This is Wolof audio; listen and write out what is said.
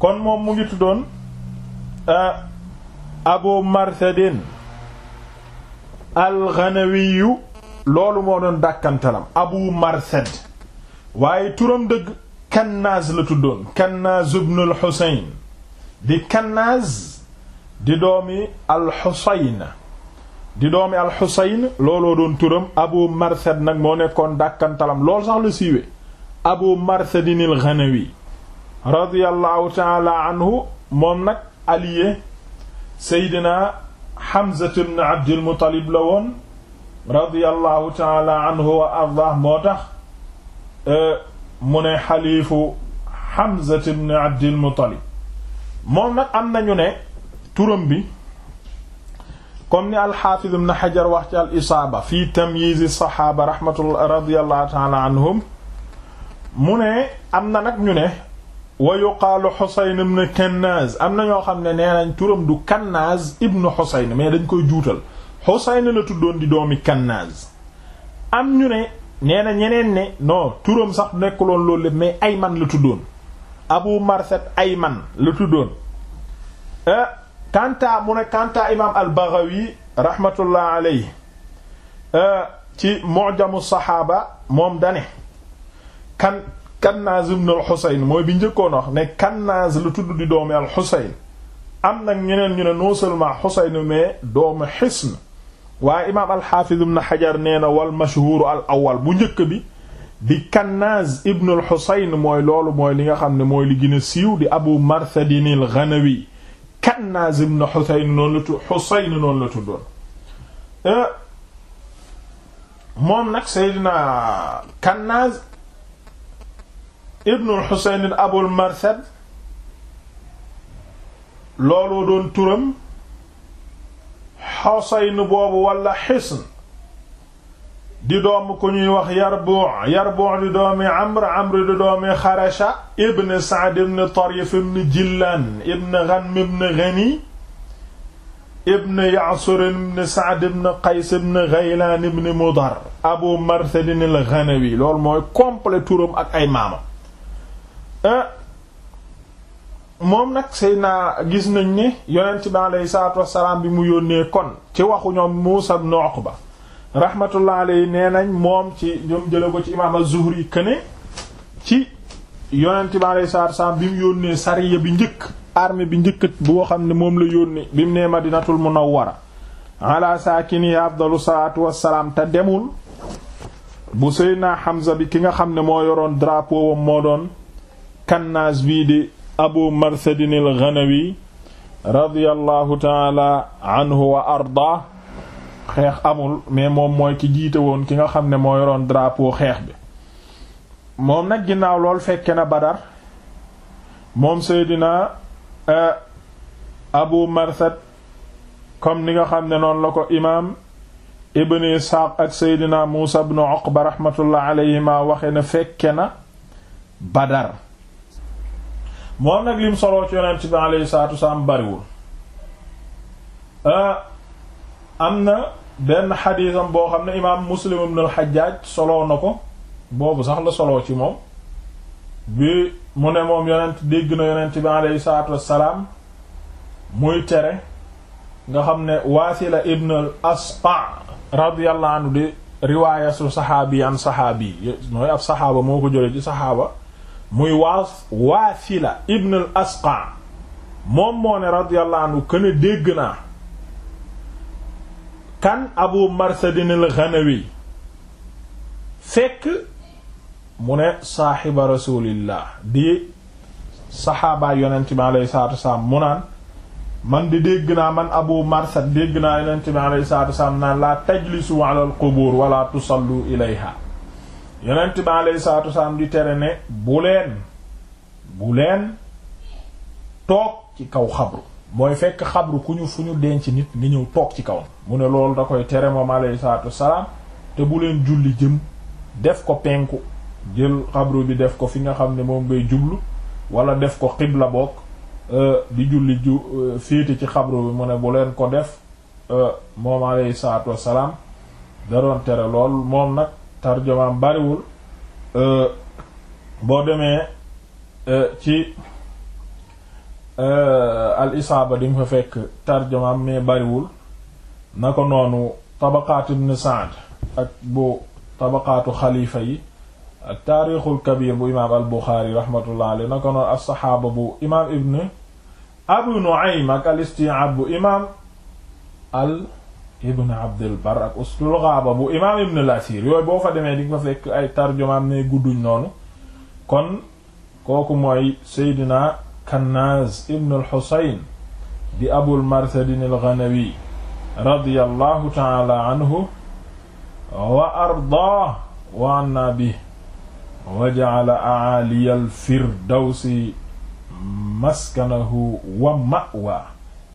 kon moom mu ngi tuddoon euh, abu marsadin alxanawiyu loolu moo doon dàkkantalam abu marsad waaye turam dëgg kannaaz la tuddoon kannaaz ibnu alxusayn di kannaaz di doomi alxusayn di doomi alxusayn looloo doon turam abu marsad nag moo nekkoon dàkkantalam loolu sax la siiwe abu marsadin alxanawi radiyallahu taala anhu moom nag allié seydina Hamza ibn Abdul Muttalib la woon radiyallahu taala anhu wa ardah moo tax euh, mu ne xaliifu Hamza ibn Abdul Muttalib moom nag am nañu ne turam bi comme ni alxaafiz ibn Hajar wax ci al isaaba fi tamyiz saxaaba rahmatullah radiyallahu taala anhum mu ne am na nag ñu ne wa yuqaalu Xusayn Kannaaz am na ñoo xam ne nee nañ turam du Kannaaz ibn Xusayn mais dañ koy juutal Xusayn la tuddoon di doomi Kannaaz am ñu ne nee ñeneen ne non turam sax nekkuloon loolu lépp mais Ayman la tuddoon Abu Marsad Ayman la tuddoon ah euh, Kantaa mu ne Kantaa imaam al-Baghawi rahmatullah aleyhi euh, ci Mu'jamu Saxaaba moom dane Kannaz ibn al-Husayn mooy bi njëkkoon wax ne Kannaz lu tudd doomi al-Husayn am nag ñeneen ñu ne non seulement Husayn mais doomu Hisn imaam al-Hafiz ibn Hajar nee na wal mashhur al awal bu njëkk bi di Kannaz ibn al-Husayn mooy loolu mooy li nga xam ne mooy li gën a siiw di Abu Marthadin al-Ghanawi Kannaz ibn Husayn noonu la tudd Husayn noonu la tuddoon eh, moom ibnul xuseyn abul marsad looloo doon turam xuseyn boobu walla xisn di doom ku ñuy wax yarbu' yarbu' di doomi amr amr di doomi xarasha ibn sa'd ibn tarif ibn jillaan ibn ghanm ibn ghani ibn ya'sur ibn sa'd ibn qays ibn ghaylaan ibn mudar abu marsad al-ghanawi loolu mooy complet turam ak ay maama Euh, moom nag sëy naa gis nañ ni yonent bi aleyhi salaatu wassalaam bi mu yónnee kon ci waxu ñoom Muusa ibn ba rahmatullah aleyhi nee nañ moom ci ñoom jële ko ci imaam az-Zuhri këne ci yonent bi aleyhi salaatu wassalaam bi mu yónnee sariya bi njëkk armée bi njëkk boo xam ne moom la yónnee bi mu nee Madinatul Munawwara ala saakini afdalu salaatu wassalaam te demul bu sëy naa Hamza bi ki nga xam ne moo yoroon drapeau wam moo doon kannaas bii di abu marsadin al ghanawi radiyallahu taala anhu wa arda xeex amul mais moom mooy ki jiite woon ki nga xam ne moo yoroon drapeau xeex bi moom nag ginnaaw lool fekke na badar moom seydina eh, abu marsad comme ni nga xam ne noon la ko imaam ibn isxaaq ak seydina muusa ibn uqba rahmatullah alayhima waxe na fekke na badar moo moom nag lim soloo ci yonent bi alayhi salaatu wasalaam bariwul ah, am na benn xadiisam boo xam ne imaam muslim ibn al-Hajjaj soloo na ko boobu sax la soloo ci moom bi mu ne moom yonent dégg na yonent bi alayhi salaatu wasalaam muy tere nga xam ne Waasila ibn al-Asqa radiyallahu anhu di riwaaya su saxaabi an saxaabi mooy ab saxaaba moo ko jëlee ci saxaaba muy waas waasila ibn al asqa moom moo ne radiyallahu anhu kan abu marsadin al ghanawi fekk mu ne saaxiba rasulillah di saxaabaa yonent bi alayhi salaatu mu naan man di dégg naa man abu marsad dégg na yonent bi alayhi salaatu wasalaam naan laa tajlisu ala al qubur wala tusallu ilayha yeneen bi alayhi salaatu wasalaam di tere ne bu leen bu leen toog ci kaw xabru mooy fekk xabru ku ñu fu ñu denc nit nga ñëw toog ci kaw mu ne loolu da koy tere moom alayhi salaatu wasalaam te bu leen julli jëm def ko penku jël xabru bi def ko fi nga xam ne moom ngay jublu wala def ko xibla bokk euh, di julli ju euh, féete ci xabru bi mu ne bu leen ko def euh, moom alayhi salaatu wasalaam da doon tere lool moom nag tarjumaam bariwul euh, boo demee euh, ci euh, al isaaba di nga fa fekk bariwul na ko noonu tabaqaatu ibn Sa'd ak bu tabaqaatu xalifa yi ak taarixul kabir bu imaam al Buxaari rahmatullah alayhi na ko noonu as bu imaam ibn Abu Nu'aym ak al isti'ab bu imaam al ibn abdul bar ak usul ghaaba bu imaam ibn al asir yooyu boo fa demee di nga fa fekk ay tarjumaam ne gudduñ noonu kon kooku mooy seydina kannaaz ibn al xusayn di abul marsadin al ghanawi radiyallahu taala anhu wa ardaah wa anna bi wa ja'ala a'aaliya al firdawsi maskanahu wa ma'wa